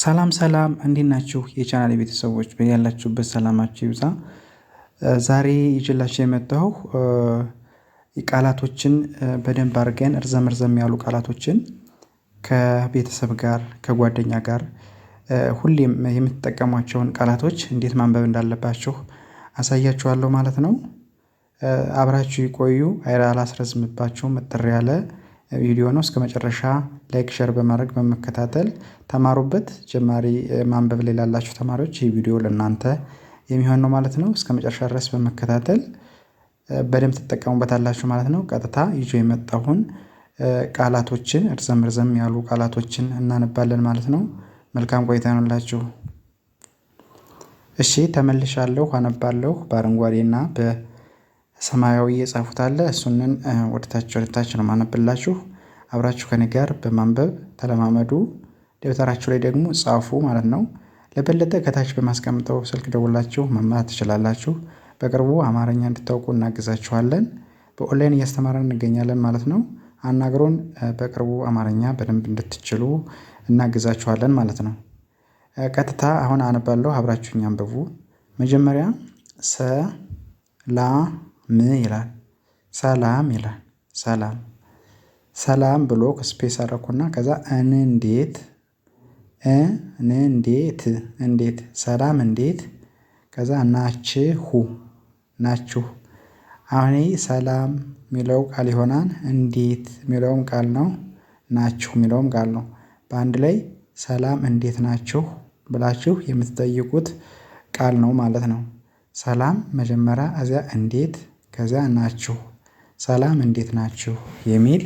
ሰላም ሰላም እንዴት ናችሁ? የቻናል ቤተሰቦች በያላችሁበት ሰላማችሁ ይብዛ። ዛሬ ይዤላችሁ የመጣሁ ቃላቶችን በደንብ አድርገን እርዘም እርዘም ያሉ ቃላቶችን ከቤተሰብ ጋር ከጓደኛ ጋር ሁሌም የምትጠቀሟቸውን ቃላቶች እንዴት ማንበብ እንዳለባችሁ አሳያችኋለሁ ማለት ነው። አብራችሁ ይቆዩ። አላስረዝምባችሁም። እጥር ያለ ቪዲዮ ነው። እስከ መጨረሻ ላይክ፣ ሸር በማድረግ በመከታተል ተማሩበት። ጀማሪ ማንበብ ላይ ላላችሁ ተማሪዎች ይህ ቪዲዮ ለእናንተ የሚሆን ነው ማለት ነው። እስከ መጨረሻ ድረስ በመከታተል በደንብ ትጠቀሙበታላችሁ ማለት ነው። ቀጥታ ይዞ የመጣሁን ቃላቶችን እርዘም እርዘም ያሉ ቃላቶችን እናነባለን ማለት ነው። መልካም ቆይታ ይሆንላችሁ። እሺ ተመልሻለሁ። አነባለሁ በአረንጓዴና በ ሰማያዊ የጻፉት አለ እሱንን ወደታች ወደታች ነው ማነብላችሁ። አብራችሁ ከኔ ጋር በማንበብ ተለማመዱ። ደብተራችሁ ላይ ደግሞ ጻፉ ማለት ነው። ለበለጠ ከታች በማስቀምጠው ስልክ ደውላችሁ መማር ትችላላችሁ። በቅርቡ አማርኛ እንድታውቁ እናግዛችኋለን። በኦንላይን እያስተማረን እንገኛለን ማለት ነው። አናግሮን በቅርቡ አማርኛ በደንብ እንድትችሉ እናግዛችኋለን ማለት ነው። ቀጥታ አሁን አነባለሁ፣ አብራችሁኝ አንብቡ። መጀመሪያ ሰ ላ ምን ይላል? ሰላም ይላል ሰላም ሰላም ብሎ ስፔስ አረኩና ከዛ እንዴት እንዴት እንዴት ሰላም እንዴት ከዛ ናችሁ ናችሁ አሁን ሰላም የሚለው ቃል ይሆናል እንዴት የሚለውም ቃል ነው ናችሁ የሚለውም ቃል ነው በአንድ ላይ ሰላም እንዴት ናችሁ ብላችሁ የምትጠይቁት ቃል ነው ማለት ነው። ሰላም መጀመሪያ እዚያ እንዴት ከዛ ናችሁ ሰላም እንዴት ናችሁ የሚል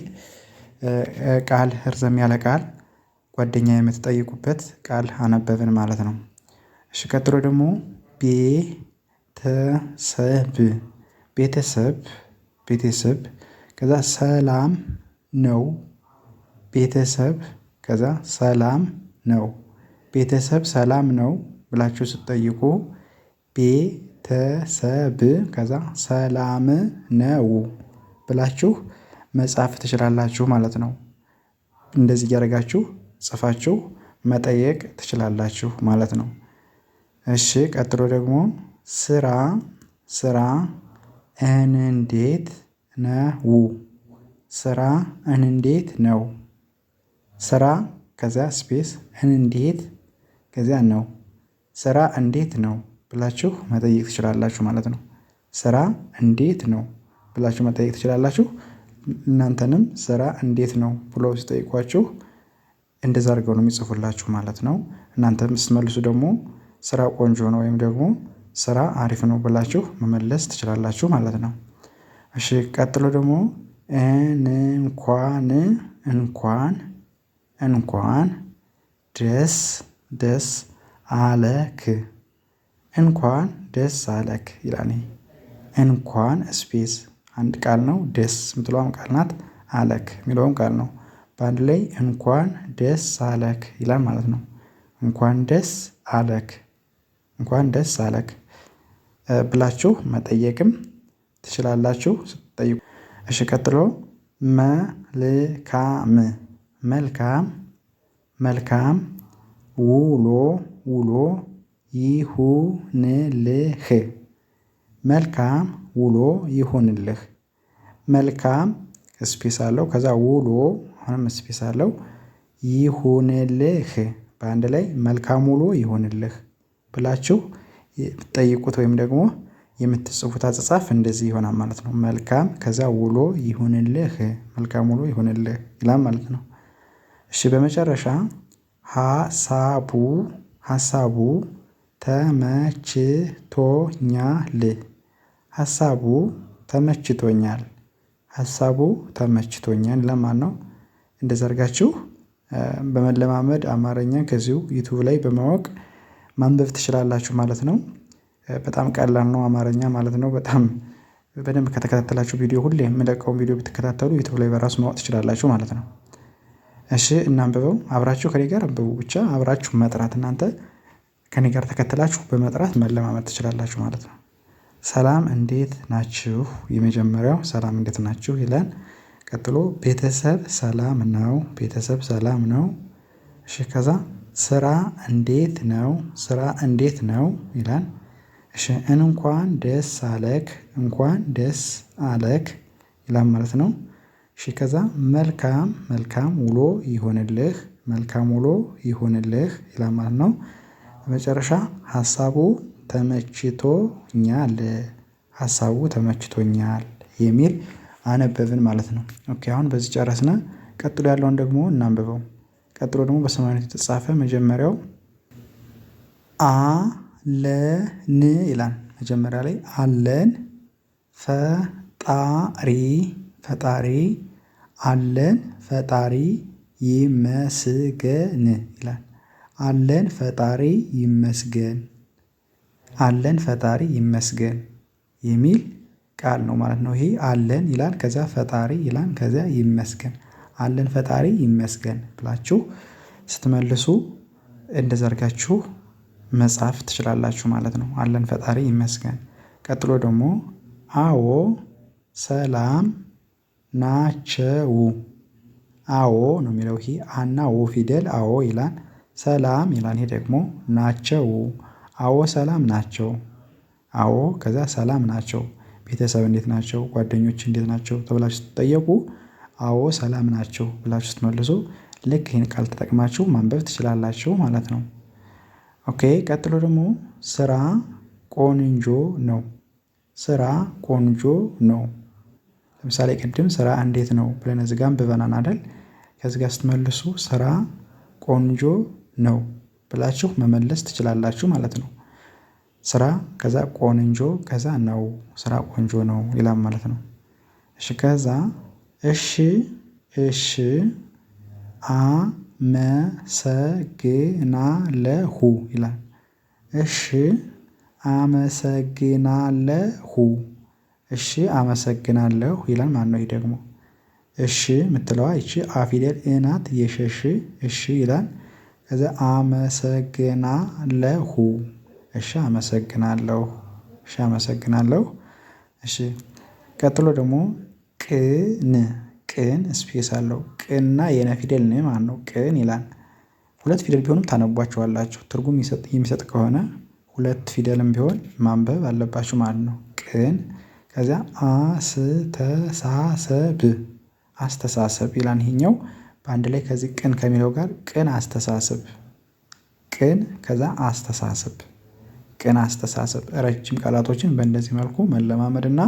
ቃል እርዘም ያለ ቃል ጓደኛ የምትጠይቁበት ቃል አነበብን ማለት ነው። እሺ ቀጥሎ ደግሞ ቤተሰብ ቤተሰብ ቤተሰብ ከዛ ሰላም ነው ቤተሰብ ከዛ ሰላም ነው ቤተሰብ ሰላም ነው ብላችሁ ስትጠይቁ ቤተሰብ ከዛ ሰላም ነው ብላችሁ መጻፍ ትችላላችሁ ማለት ነው። እንደዚህ እያደረጋችሁ ጽፋችሁ መጠየቅ ትችላላችሁ ማለት ነው። እሺ ቀጥሎ ደግሞ ስራ ስራ እንዴት ነው? ስራ እንዴት ነው? ስራ ከዚያ ስፔስ እንዴት ከዚያ ነው። ስራ እንዴት ነው ብላችሁ መጠየቅ ትችላላችሁ ማለት ነው። ስራ እንዴት ነው ብላችሁ መጠየቅ ትችላላችሁ። እናንተንም ስራ እንዴት ነው ብሎ ሲጠይቋችሁ እንደዛ አድርገው ነው የሚጽፉላችሁ ማለት ነው። እናንተም ስትመልሱ ደግሞ ስራ ቆንጆ ነው ወይም ደግሞ ስራ አሪፍ ነው ብላችሁ መመለስ ትችላላችሁ ማለት ነው። እሺ ቀጥሎ ደግሞ እንኳን እንኳን እንኳን ደስ ደስ አለክ እንኳን ደስ አለክ ይላል። እንኳን ስፔስ አንድ ቃል ነው ደስ የምትለዋም ቃል ናት አለክ የሚለውም ቃል ነው በአንድ ላይ እንኳን ደስ አለክ ይላል ማለት ነው። እንኳን ደስ አለክ እንኳን ደስ አለክ ብላችሁ መጠየቅም ትችላላችሁ። ስትጠይቁ እሺ ቀጥሎ መልካም መልካም መልካም ውሎ ውሎ ይሁንልህ መልካም ውሎ ይሁንልህ መልካም ስፔስ አለው ከዛ ውሎ አሁንም ስፔስ አለው ይሁንልህ በአንድ ላይ መልካም ውሎ ይሁንልህ ብላችሁ የምትጠይቁት ወይም ደግሞ የምትጽፉት አጻጻፍ እንደዚህ ይሆናል ማለት ነው። መልካም ከዛ ውሎ ይሁንልህ መልካም ውሎ ይሁንልህ ይላል ማለት ነው። እሺ በመጨረሻ ሀሳቡ ሀሳቡ ተመችቶኛል ሀሳቡ ተመችቶኛል ሀሳቡ ተመችቶኛል ለማን ነው? እንደዛ አድርጋችሁ በመለማመድ አማርኛ ከዚሁ ዩቱብ ላይ በማወቅ ማንበብ ትችላላችሁ ማለት ነው። በጣም ቀላል ነው አማርኛ ማለት ነው። በጣም በደንብ ከተከታተላችሁ ቪዲዮ ሁሌ የምለቀውን ቪዲዮ ብትከታተሉ ዩቱብ ላይ በራሱ ማወቅ ትችላላችሁ ማለት ነው። እሺ እናንብበው አብራችሁ ከኔ ጋር አንብቡ ብቻ አብራችሁ መጥራት እናንተ ከኔ ጋር ተከትላችሁ በመጥራት መለማመድ ትችላላችሁ ማለት ነው። ሰላም እንዴት ናችሁ? የመጀመሪያው ሰላም እንዴት ናችሁ ይለን። ቀጥሎ ቤተሰብ ሰላም ነው ቤተሰብ ሰላም ነው። እሺ ከዛ ስራ እንዴት ነው ስራ እንዴት ነው ይላል። እሺ እንኳን ደስ አለክ እንኳን ደስ አለክ ይላል ማለት ነው። እሺ ከዛ መልካም መልካም ውሎ ይሆንልህ መልካም ውሎ ይሆንልህ ይላል ማለት ነው በመጨረሻ ሀሳቡ ተመችቶኛል ሀሳቡ ተመችቶኛል የሚል አነበብን ማለት ነው። ኦኬ አሁን በዚህ ጨረስነ። ቀጥሎ ያለውን ደግሞ እናንብበው። ቀጥሎ ደግሞ በሰማያዊነት የተጻፈ መጀመሪያው አለን ይላል መጀመሪያ ላይ አለን ፈጣሪ ፈጣሪ አለን ፈጣሪ ይመስገን ይላል አለን ፈጣሪ ይመስገን አለን ፈጣሪ ይመስገን የሚል ቃል ነው ማለት ነው። ይሄ አለን ይላል ከዛ ፈጣሪ ይላል ከዛ ይመስገን አለን ፈጣሪ ይመስገን ብላችሁ ስትመልሱ እንደዘርጋችሁ መጻፍ ትችላላችሁ ማለት ነው። አለን ፈጣሪ ይመስገን ቀጥሎ ደግሞ አዎ ሰላም ናቸው። አዎ ነው የሚለው ይሄ አና ዎ ፊደል አዎ ይላል ሰላም ይላል ይሄ ደግሞ ናቸው አዎ ሰላም ናቸው። አዎ ከዛ ሰላም ናቸው ቤተሰብ እንዴት ናቸው ጓደኞች እንዴት ናቸው ተብላችሁ ስትጠየቁ አዎ ሰላም ናቸው ብላችሁ ስትመልሱ ልክ ይሄን ቃል ተጠቅማችሁ ማንበብ ትችላላችሁ ማለት ነው። ኦኬ ቀጥሎ ደግሞ ስራ ቆንጆ ነው። ስራ ቆንጆ ነው። ለምሳሌ ቅድም ስራ እንዴት ነው ብለን እዚህ ጋር አደል? ከዚጋ ስትመልሱ ስራ ቆንጆ ነው ብላችሁ መመለስ ትችላላችሁ ማለት ነው። ስራ ከዛ ቆንጆ ከዛ ነው ስራ ቆንጆ ነው ይላል ማለት ነው። እሺ ከዛ እሺ እሺ አመሰግናለሁ ይላል። እሺ አመሰግናለሁ እሺ አመሰግናለሁ ይላል ማለት ነው። ይሄ ደግሞ እሺ የምትለዋ ይቺ አ እናት እ እሺ ይላል ከዛ አመሰግናለሁ እሺ አመሰግናለሁ እሺ አመሰግናለሁ እሺ ቀጥሎ ደግሞ ቅን ቅን ስፔስ አለው ቅን የነ ፊደል ነው ማለት ነው ቅን ይላል። ሁለት ፊደል ቢሆንም ታነቧቸዋላችሁ ትርጉም የሚሰጥ ከሆነ ሁለት ፊደልም ቢሆን ማንበብ አለባችሁ ማለት ነው። ቅን ከዚያ አስተሳሰብ አስተሳሰብ ይላል ይሄኛው በአንድ ላይ ከዚህ ቅን ከሚለው ጋር ቅን አስተሳሰብ ቅን ከዛ አስተሳሰብ ቅን አስተሳሰብ ረጅም ቃላቶችን በእንደዚህ መልኩ መለማመድ እና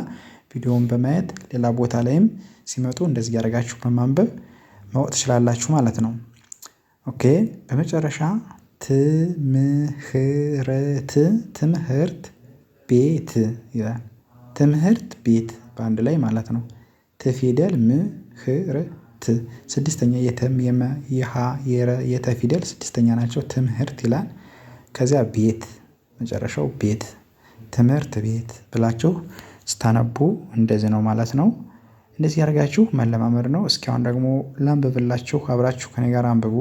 ቪዲዮውን በማየት ሌላ ቦታ ላይም ሲመጡ እንደዚህ ያደርጋችሁ በማንበብ ማወቅ ትችላላችሁ ማለት ነው። ኦኬ በመጨረሻ ትምህርት ትምህርት ቤት ይላል። ትምህርት ቤት በአንድ ላይ ማለት ነው። ትፊደል ምህርት ስድስተኛ የተም የመ የሃ የረ የተ ፊደል ስድስተኛ ናቸው። ትምህርት ይላል። ከዚያ ቤት መጨረሻው ቤት ትምህርት ቤት ብላችሁ ስታነቡ እንደዚህ ነው ማለት ነው። እንደዚህ ያደርጋችሁ መለማመድ ነው። እስኪሁን ደግሞ ላንብብላችሁ፣ አብራችሁ ከኔ ጋር አንብቡ።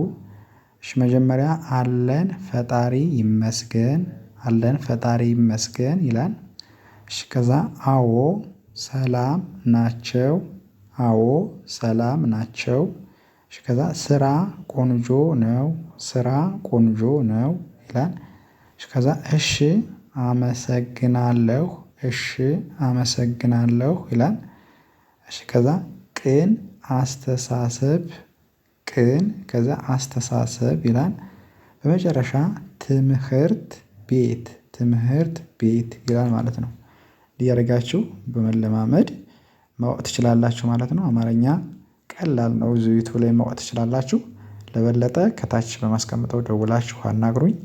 እሺ መጀመሪያ አለን ፈጣሪ ይመስገን፣ አለን ፈጣሪ ይመስገን ይላል። እሺ ከዛ አዎ ሰላም ናቸው አዎ ሰላም ናቸው። ከዛ ስራ ቆንጆ ነው ስራ ቆንጆ ነው ይላል። ከዛ እሺ አመሰግናለሁ እሺ አመሰግናለሁ ይላል። እሺ ከዛ ቅን አስተሳሰብ ቅን ከዛ አስተሳሰብ ይላል። በመጨረሻ ትምህርት ቤት ትምህርት ቤት ይላል ማለት ነው። እንዲህ እያደረጋችሁ በመለማመድ ማወቅ ትችላላችሁ ማለት ነው። አማርኛ ቀላል ነው እዚሁ ዩቱብ ላይ ማወቅ ትችላላችሁ። ለበለጠ ከታች በማስቀምጠው ደውላችሁ አናግሩኝ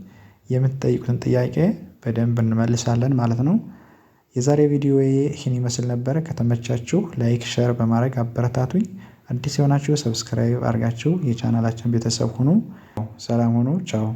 የምትጠይቁትን ጥያቄ በደንብ እንመልሳለን ማለት ነው። የዛሬ ቪዲዮ ይህን ይመስል ነበር ከተመቻችሁ ላይክ ሼር በማድረግ አበረታቱኝ። አዲስ የሆናችሁ ሰብስክራይብ አድርጋችሁ የቻናላችን ቤተሰብ ሁኑ። ሰላም ሁኑ ቻው